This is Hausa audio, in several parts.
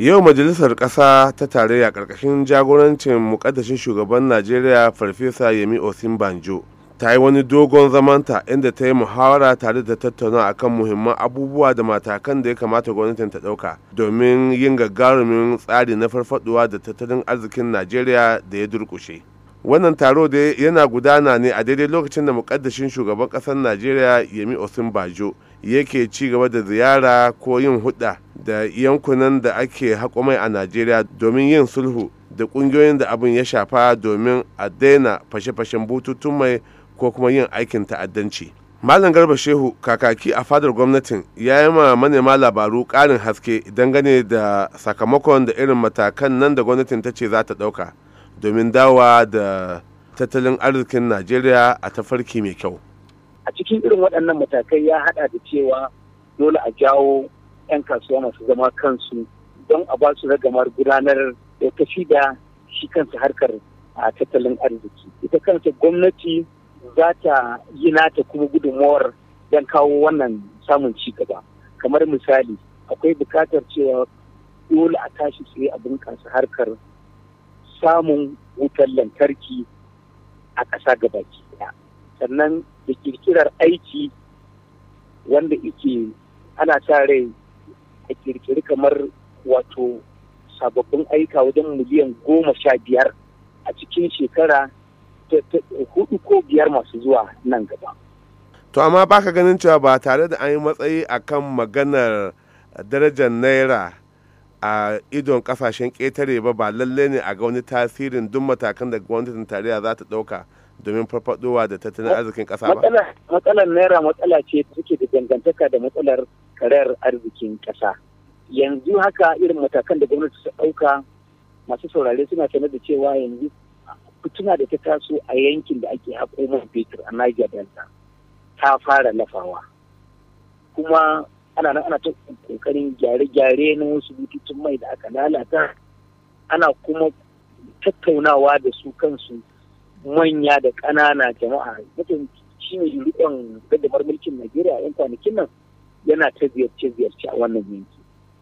yau majalisar ƙasa ta tarayya ƙarƙashin jagorancin mukaddashin shugaban najeriya farfesa yemi osinbanjo ta yi wani dogon zamanta inda ta yi muhawara tare da tattauna akan muhimman abubuwa da matakan da ya kamata gwamnatin ta ɗauka domin yin gagarumin tsari na farfaɗuwa da tattalin arzikin najeriya da ya durƙushe wannan taro da yana gudana ne a daidai lokacin da mukaddashin shugaban kasar najeriya yemi Bajo, yake ci gaba da ziyara ko yin hudda da yankunan da ake mai a najeriya domin yin sulhu da ƙungiyoyin da abin ya shafa domin a daina fashe-fashen bututun mai ko kuma yin aikin ta'addanci malam garba shehu kakaki a fadar gwamnatin ya yi ma manema labaru ƙarin haske dangane da sakamakon da irin matakan nan da gwamnatin ta ce za ta ɗauka domin dawa da tattalin arzikin najeriya a tafarki mai kyau a cikin irin waɗannan matakai ya haɗa da cewa dole a jawo 'yan kasuwa masu zama kansu don a ba su ragamar gudanar da tafi da shi kansa harkar a tattalin arziki ita kanta gwamnati za ta yi nata kuma gudunmawar don kawo wannan samun ci gaba kamar misali akwai bukatar cewa dole a tashi sai a bunƙasa harkar samun wutar lantarki a ƙasa gabaki ɗaya sannan da ƙirƙirar aiki wanda ike ana sa rai a ƙirƙiri kamar wato sababbin aika wajen miliyan goma sha biyar a cikin shekara hudu ko biyar masu zuwa nan gaba. To amma baka ganin cewa ba tare da an yi matsayi akan maganar darajar naira a idon kasashen ƙetare ba ba lallai ne a ga wani tasirin duk matakan da gwamnatin tarayya za ta ɗauka domin farfadowa da tattalin arzikin ƙasa ba? Matsalar naira matsala ce da suke da dangantaka da matsalar karar arzikin ƙasa. Yanzu haka irin matakan da gwamnati ta ɗauka masu saurare suna sanar da cewa yanzu fituna da ta taso a yankin da ake haƙo man fetur a Niger Delta ta fara lafawa. Kuma ana nan ana ta kokarin gyare-gyare na wasu bututun mai da aka lalata ana kuma tattaunawa da su kansu manya da ƙanana jama'a mutum shi ne riƙon gaddamar mulkin najeriya yan kwanakin nan yana ta ziyarce-ziyarce a wannan yanki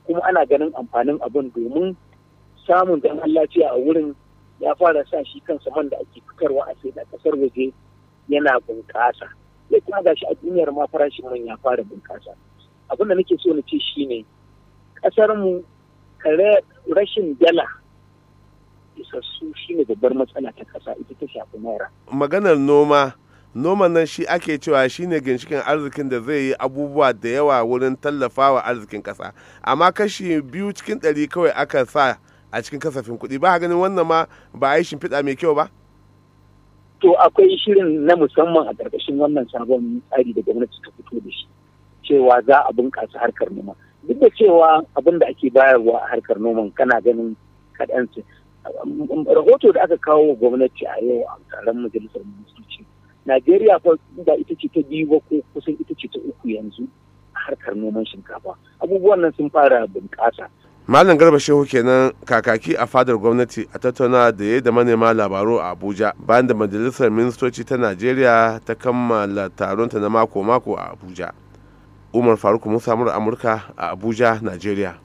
kuma ana ganin amfanin abin domin samun dan lafiya a wurin ya fara sa shi kansa man da ake fitarwa a sai da kasar waje yana bunƙasa sai kuma gashi a duniyar ma farashin man ya fara bunƙasa abin da nake so na ce ne, kasar mu rashin dala isassu shi shine babbar matsala ta kasa ita ta shafi naira maganar noma noma nan shi ake cewa shi ne ginshikin arzikin da zai yi abubuwa da yawa wurin tallafa wa arzikin kasa amma kashi biyu cikin ɗari kawai aka sa a cikin kasafin kuɗi ba ganin wannan ma ba a yi shimfiɗa mai kyau ba to akwai shirin na musamman a ƙarƙashin wannan sabon tsari da gwamnati ta fito da shi cewa za a bunƙasa harkar noma duk da cewa abin da ake bayarwa a harkar noman kana ganin kaɗan rahoto da aka kawo wa gwamnati a yau a taron majalisar ministoci najeriya fa da ita ce ta biyu ba ko kusan ita ce ta uku yanzu a harkar noman shinkafa abubuwan nan sun fara bunƙasa malam garba shehu kenan kakaki a fadar gwamnati a tattauna da ya da manema labaru a abuja bayan da majalisar ministoci ta najeriya ta kammala taronta na mako-mako a abuja umar faruk musa mura amurka a abuja nigeria